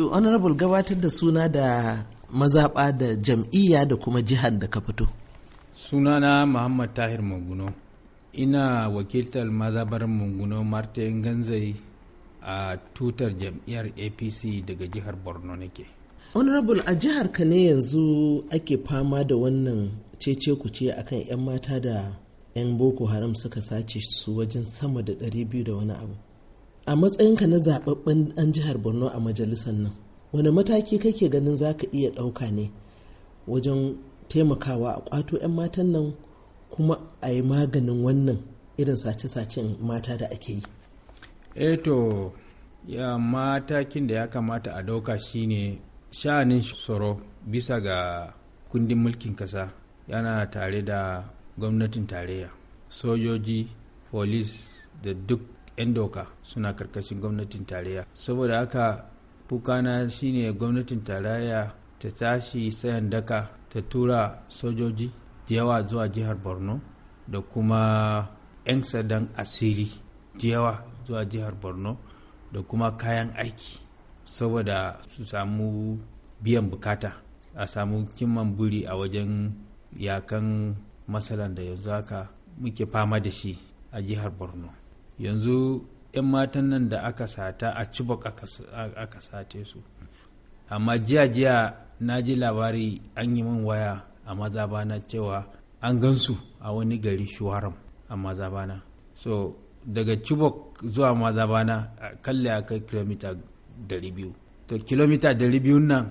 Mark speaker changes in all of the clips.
Speaker 1: to honorable gabatar da suna da mazaɓa da jam'iyya da kuma jihar da ka fito
Speaker 2: sunana muhammad tahir Munguno, ina wakiltar mazabar munguno martin ganzai a tutar jam'iyyar apc daga jihar borno nake
Speaker 1: honorable a jihar ka ne yanzu ake fama da wannan cece ce akan 'yan mata da 'yan boko haram suka sace su wajen sama da 200 da wani abu a matsayinka na zaɓaɓɓen ɗan jihar borno a majalisar nan wani mataki kake ganin za ka iya ɗauka ne wajen taimakawa a kwato 'yan matan nan kuma a yi maganin wannan irin sace-sacen mata da ake yi
Speaker 2: eto eh ya matakin da ya kamata a ɗauka shine sha'anin tsoro bisa ga kundin mulkin kasa yana tare da gwamnatin tarayya sojoji polis da duk 'yan doka suna karkashin gwamnatin tarayya saboda haka kukana shine gwamnatin tarayya ta tashi sayan daka ta tura sojoji da yawa zuwa jihar borno da kuma 'yan sadan asiri da yawa zuwa jihar borno da kuma kayan aiki saboda su samu biyan bukata a samu kimman buri a wajen yakan matsalan da yanzu haka muke fama da shi a jihar borno yanzu 'yan matan nan da aka sata a cibok aka sace su amma jiya jiya na ji labari an yi min waya a mazabana cewa an gansu a wani gari shuwaram a mazabana so daga cibok zuwa mazabana kalle a kai kilomita 200 to kilomita 200 nan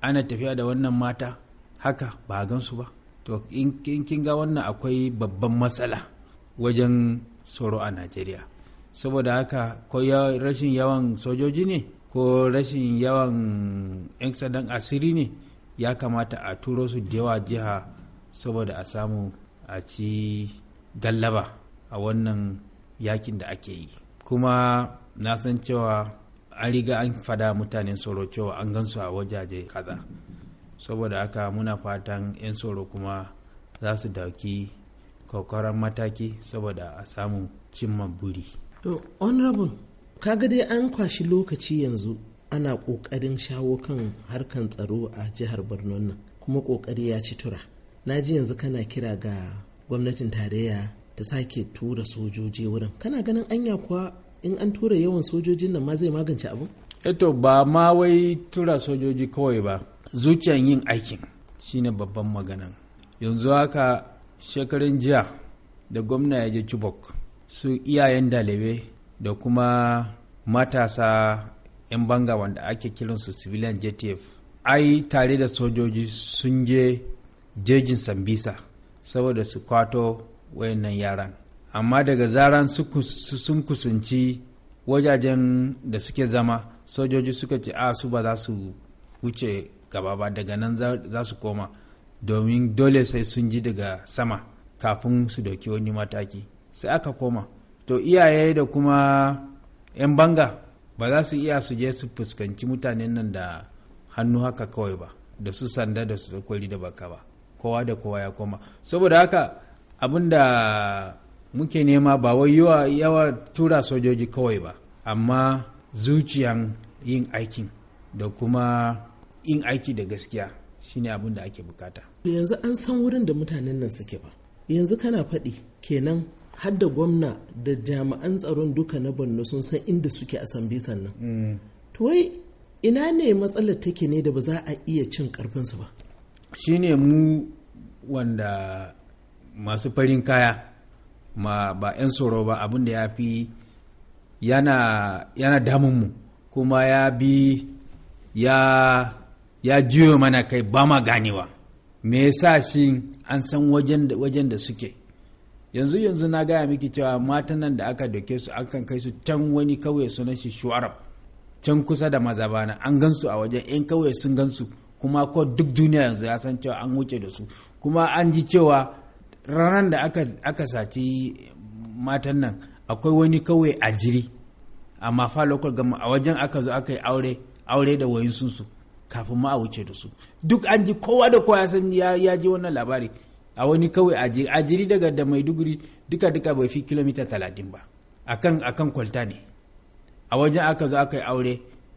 Speaker 2: ana tafiya da wannan mata haka ba a gansu ba to in kin ga wannan akwai babban matsala wajen tsoro a najeriya saboda haka ko rashin yawan sojoji ne ko rashin yawan 'yan sadan asiri ne ya kamata a turo su da yawa jiha saboda a samu a ci gallaba a wannan yakin da ake yi kuma na san cewa an riga an fada mutanen tsoro cewa an su a wajaje kaza saboda haka muna fatan 'yan tsoro kuma za su dauki kokoron mataki saboda a samu cimma buri
Speaker 1: To honorable kaga dai an kwashi lokaci yanzu ana kokarin shawo kan harkan tsaro a jihar borno nan kuma kokari ya ci tura na ji yanzu kana kira ga gwamnatin tarayya ta sake tura sojoji wurin kana ganin anya kuwa in an tura yawan sojojin nan ma zai magance abu
Speaker 2: eto eh ba ma wai tura sojoji kawai ba zuciyan yin aikin shine babban maganan yanzu haka shekarun jiya da gwamna ya je chibok su iyayen dalibai da kuma matasa 'yan banga wanda ake kiransu civilian jtf ai tare da sojoji sun je jejin sambisa saboda su kwato wayannan yaran amma daga zaran sun kusanci wajajen da suke zama sojoji suka ce a ah, su ba za su wuce gaba ba daga nan za su koma domin dole sai sun ji daga sama kafin su dauki wani mataki sai aka koma to iyaye da kuma 'yan banga ba za su iya suje su fuskanci mutanen nan da hannu haka kawai ba da su sanda da su kwari da baka ba kowa da kowa ya koma saboda haka abin da muke nema ba wai yawa yawa tura sojoji kawai ba amma zuciyan yin aikin da kuma yin aiki da gaskiya shine abin da ake bukata
Speaker 1: yanzu an san wurin da mutanen nan suke ba yanzu kana faɗi kenan har da gwamna da jami'an tsaron duka na borno sun san inda suke a san bisan nan tuwai ina ne matsalar take ne da ba za a iya cin karfinsu ba
Speaker 2: shine mu wanda masu farin kaya ma ba 'yan tsoro ba abin da ya fi yana, damun mu kuma ya bi ya, ya juyo mana kai ba ma ganewa me yasa shi an san wajen da suke yanzu yanzu na gaya miki cewa matan nan da aka doke su akan kai su can wani kauye sunan shi shu'arab can kusa da mazabana an gansu a wajen yan kauye sun gansu kuma ko duk duniya yanzu ya san cewa an wuce da su kuma an ji cewa ranar da aka, aka saci matan nan akwai wani kauye a jiri amma fa local gama a wajen aka zo aka yi aure aure da wayin su kafin ma a wuce da su duk an ji kowa da kowa ya ya ji wannan labari a wani kawai a ajiri ajiri daga da maiduguri duka duka bai fi kilomita talatin ba akan akan kwalta ne a wajen aka zo aka yi aure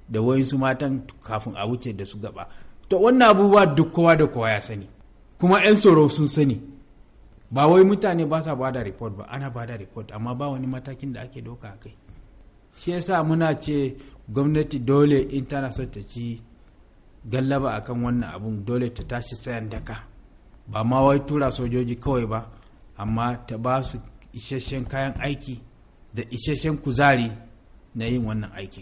Speaker 2: da wayansu matan kafin a wuce da su gaba to wannan abubuwa duk kowa da kowa ya sani kuma 'yan tsoro sun sani ba wai mutane ba sa bada report ba ana bada report amma ba wani matakin da ake doka kai shi yasa muna ce gwamnati dole in tana so ta ci gallaba akan wannan abun dole ta tashi sayan daka ba ma wai tura sojoji kawai ba amma ta ba su isasshen kayan aiki da isasshen kuzari na yin wannan aiki.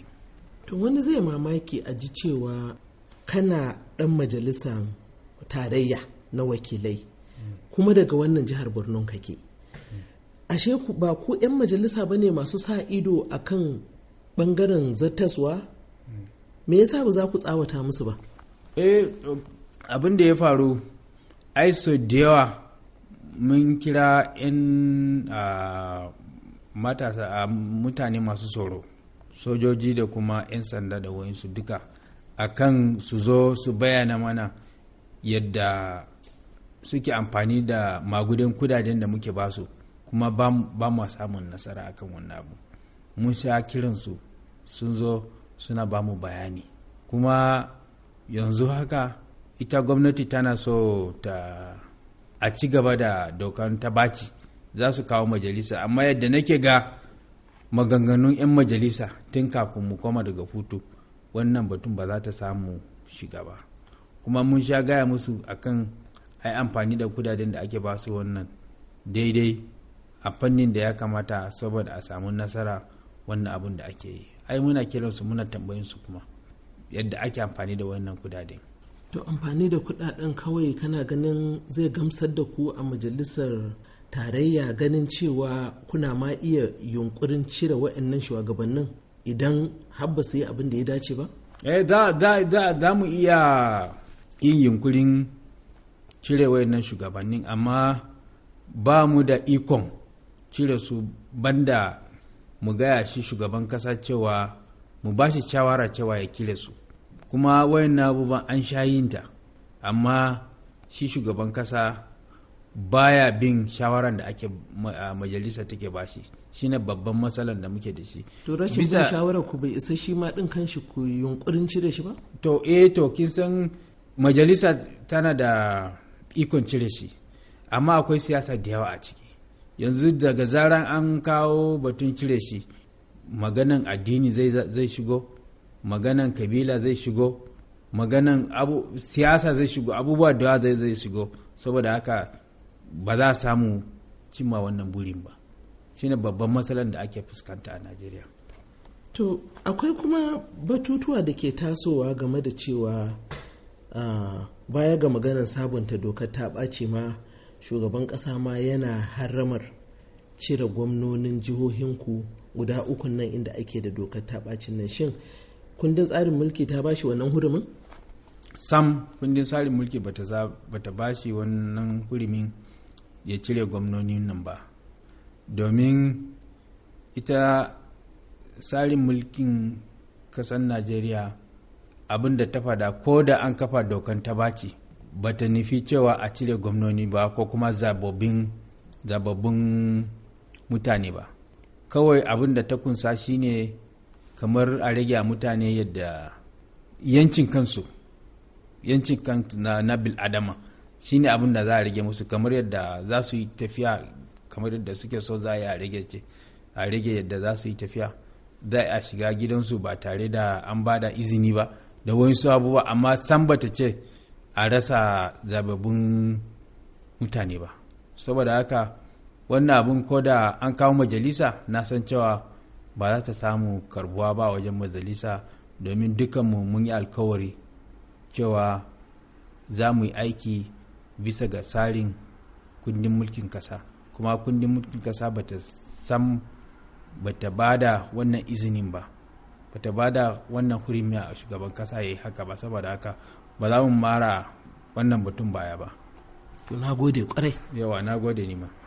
Speaker 1: to wani zai mamaki a ji cewa kana dan majalisa tarayya na wakilai kuma daga wannan jihar borno kake ashe ba ku 'yan majalisa ba ne masu sa ido a kan bangaren zattaswa me
Speaker 2: yasa ba za ku tsawata musu ba eh abin da ya faru ai so da yawa mun kira 'yan mutane masu tsoro sojoji da kuma 'yan sanda da wayansu duka akan su zo su bayyana mana yadda suke amfani da magudan kudajen da muke basu kuma ba mu samun nasara akan wannan abu mun sha kiransu sun zo suna ba mu bayani kuma yanzu haka ita gwamnati tana so ta a ci gaba da dokan ta baci za su kawo majalisa amma yadda nake ga maganganun 'yan majalisa tun kafin mu koma daga hutu wannan batun ba za ta samu shiga ba kuma mun sha gaya musu akan ai amfani da kudaden da ake basu wannan daidai a fannin da ya kamata saboda a samu nasara wannan abun da ake yi ai muna kiransu muna tambayinsu kuma yadda ake amfani da wannan kudaden
Speaker 1: to amfani da kudaden kawai kana ganin zai gamsar da ku a majalisar tarayya ganin cewa kuna ma iya yunkurin cire wa'annan shugabannin idan habba su yi abin da ya dace ba?
Speaker 2: Eh da da da da mu iya yin yunkurin cire wa'annan shugabannin amma ba mu da ikon cire su banda mu gaya shi shugaban kasa cewa mu ba shi shawara cewa ya kire su. kuma wayan abubuwan an sha yinta amma shi shugaban kasa baya bin shawaran da ake majalisa take bashi ne babban matsalar da muke da shi to rashin bin shawara ku bai isa shi ma din kanshi ku yunkurin cire shi ba to eh to kin san majalisa tana da ikon cire shi amma akwai siyasa da yawa a ciki yanzu daga zaran an kawo batun cire shi maganan addini zai shigo maganan kabila zai shigo maganan siyasa zai shigo abubuwa da zai zai shigo saboda haka ba za a samu cimma wannan burin ba shine babban matsalar da ake fuskanta a najeriya
Speaker 1: to akwai kuma batutuwa da ke tasowa game da cewa uh, baya ga maganan sabunta dokar ta ɓace ma shugaban ƙasa ma yana haramar cire gwamnonin jihohinku guda ukun nan inda ake da dokar ta ɓacin nan shin kundin tsarin mulki
Speaker 2: ta bashi wannan hurumin sam kundin tsarin mulki bata bashi wannan hurumin ya cire gwamnonin nan ba domin ita tsarin mulkin kasar najeriya abinda ta fada ko da an kafa dokan ta baci ba ta nufi cewa a cire gwamnoni ba ko kuma zababbin mutane ba kawai abinda da ta kunsa shine kamar a rage a mutane yadda yancin kansu yancin kansu na, nabil adama shine abin da za a rage musu kamar yadda za su yi tafiya kamar yadda suke so za a rage a rage yadda za su yi tafiya za a shiga gidansu ba tare da an ba da izini ba da su abubuwa amma san bata ce a rasa zababin mutane ba saboda haka wannan abin ko da an kawo majalisa na san cewa ba za ta samu karbuwa ba wajen majalisa domin dukanmu mun yi alkawari cewa za mu yi aiki bisa ga tsarin kundin mulkin kasa kuma kundin mulkin kasa ba ta sam ba ta da wannan izinin ba ba ta ba da wannan hurimiya a shugaban kasa ya yi haka ba saboda haka ba za mu mara wannan batun baya ba. na gode kwarai. Yawa na gode ni ma.